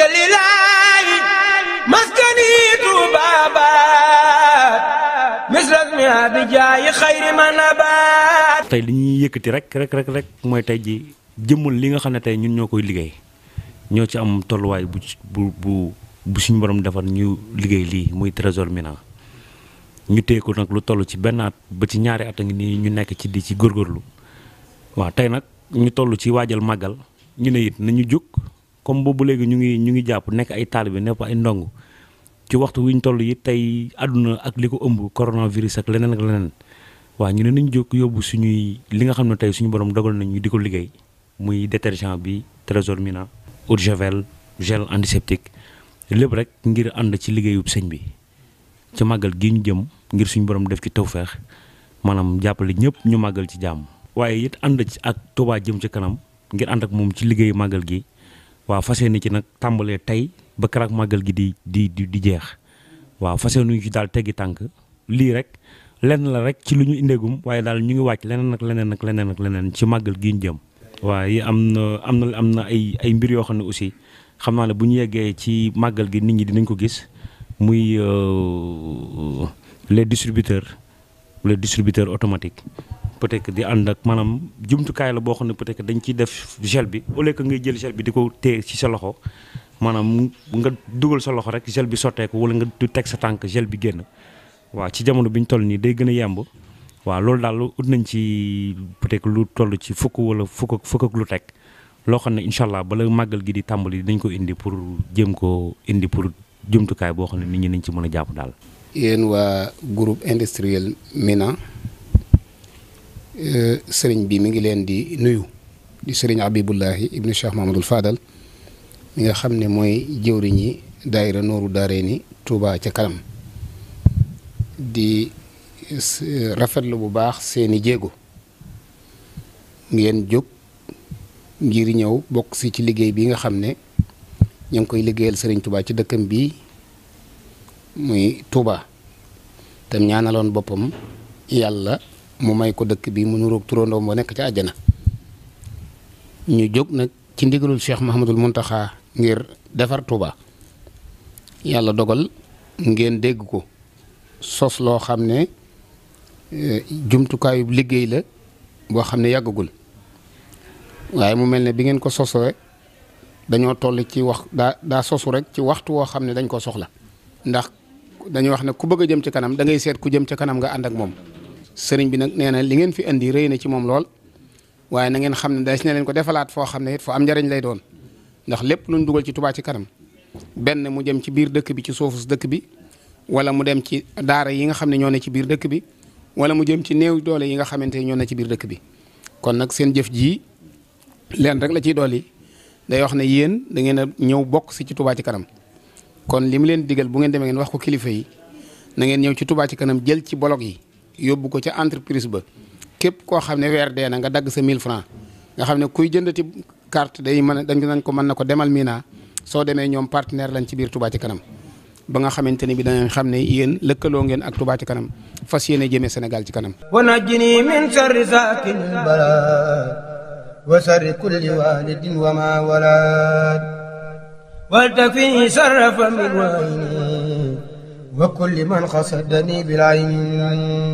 jëlilaayi maskaniitu baabaat misras mi abijaayi xayri ma nabaat tey li ñu yëkkati rek rek rek rek mooy tey ji jëmmal li nga xam ne tey ñun ñoo koy liggéey ñoo ci am tolluwaay bu bu bu bu suñu borom defar ñu liggéey lii muy Trésor Mina ñu téye ko nag lu toll ci benn at ba ci ñaari at a ngi nii ñu nekk ci di ci góorgóorlu waaw tey nag ñu toll ci waajal màggal ñu ne it nañu jóg comme boobu léegi ñu ngi ñu ngi jàpp nekk ay taalibe nekk ay ndongo ci waxtu wi ñu toll yi tey àdduna ak li ko ëmb coronavirus ak leneen ak leneen waaw ñu ne nañ jóg yóbbu suñuy li nga xam ne tey suñu borom dogal nañ ñu di ko liggéey muy détergent bi trésor mina eau de javel gel antiseptique lépp rek ngir ànd ci liggéeyub sëñ bi ci màggal gi ñu jëm ngir suñu borom def ci tawféex maanaam jàppale ñëpp ñu màggal ci jàmm waaye it ànd ci ak Touba jëm ci kanam ngir ànd ak moom ci liggéeyu màggal gi waaw fas yéene ci nag tàmbalee tey ba keroog màggal gi di di di jeex waaw fas yéene ñu ci daal teggi tànk lii rek lenn la rek ci lu ñu indéegum waaye daal ñu ngi wàcc leneen ak leneen ak leneen ak leneen ci màggal gi ñu jëm. waaw yi am na am na am na ay ay mbir yoo xam ne aussi xam naa ne bu ñu yeggee ci màggal gi nit ñi dinañ ko gis muy euh, les distributeurs les distributeurs automatique peut-être di ànd ak maanaam jumtukaay la boo xam ne peut-être dañ ciy def gel bi au lieu ngay jël gel bi di ko téye ci sa loxo maanaam nga dugal sa loxo rek gel bi sotteeku wala nga du teg sa tànk gel bi génn waaw ci jamono bi ñu toll nii day gën a yemb waaw loolu daal ut nañ ci peut lu toll ci fukk wala fukk ak fukk lu teg loo xam ne incha allah bala màggal gi di tàmbali dañ ko indi pour jéem ko indi pour jumtukaay boo xam ne nit ñi nañ ci mën a jàpp daal. Euh, sëriñ bi mu ngi leen di nuyu di sëriñ Abibullahi ibnu Cheikh Mahamadul Fadal mi nga xam ne mooy jëwriñi daayira nooru daaree ni Touba ca kanam di euh, rafetlu bu baax seeni jéego ngeen jóg ngir ñëw bokk si ci liggéey bi nga xam ne ñu ngi koy liggéeyal sëriñ Touba ci dëkkam bii muy Touba te ñaanaloon boppam yàlla mu may ko dëkk bii mu nuroog turandoom ba nekk ci àjjana ñu jóg nag ci ndigalul Cheikh Mahamadul Muntaxa ngir defar Touba yàlla dogal ngeen dégg ko sos loo xam ne eh, jumtukaayu liggéey la boo xam ne yàggagul waaye mu mel ne bi ngeen ko sosoo dañoo toll ci wax daa daa sosu rek ci waxtu woo xam ne dañ koo soxla ndax dañuy wax ne ku bëgg a jëm ci kanam da ngay seet ku jëm ca kanam nga ànd ak moom sëriñ bi nag nee na li ngeen fi indi rëy na ci moom lool waaye na ngeen xam ne day si ne leen ko defalaat foo xam ne it foo am njariñ lay doon ndax lépp luñ dugal ci Touba ci kanam benn mu jëm ci biir dëkk bi ci suufus dëkk bi wala mu dem ci daara yi nga xam ne ñoo ne ci biir dëkk bi wala mu jëm ci néew doole yi nga xamante ne ñoo ne ci biir dëkk bi kon nag seen jëf jii leen rek la ciy dool yi day wax ne yéen da ngeen ñëw bokk si ci tubaa ci kanam kon li mu leen digal bu ngeen demee ngeen wax ko kilifa yi na ngeen ñëw ci Touba ci kanam jël ci bolog yi yóbbu ko ca entreprise ba képp koo xam ne weer dee na nga dagg sa 1000 francs nga xam ne kuy jëndati carte day mën a dañ ko man na ko demal Mina soo demee ñoom partenaire lañ ci biir Touba ci kanam ba nga xamante ne bi danañ xam ne yéen lëkkaloo ngeen ak Touba ci kanam fas yéene jëmee Sénégal ci kanam wa najjini min sharri saakin bala wa sharri kulli walidin wa ma walad wal takfi sarrafa min wayni wa kulli man xasadani bil ayni